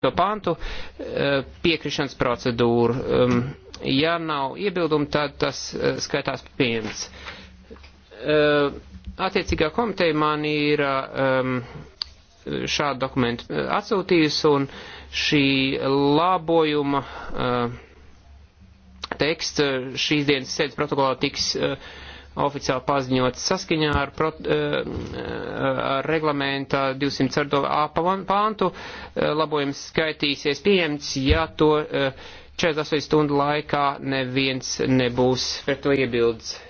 to pantu eh, piekrišanas procedūru. Um, ja nav iebildumu, tad tas eh, skaitās pieņemts. Eh, attiecīgā komiteja man ir ehm, šādu dokumentu atsūtījusi un šī labojuma teksts šīs dienas sēdes protokolā tiks oficiāli paziņots saskaņā ar, prot, eh, eh, ar reglamenta 204a pāntu. Eh, labojums skaitīsies pieņemts, ja to 48 stundu laikā neviens nebūs pret to iebildes.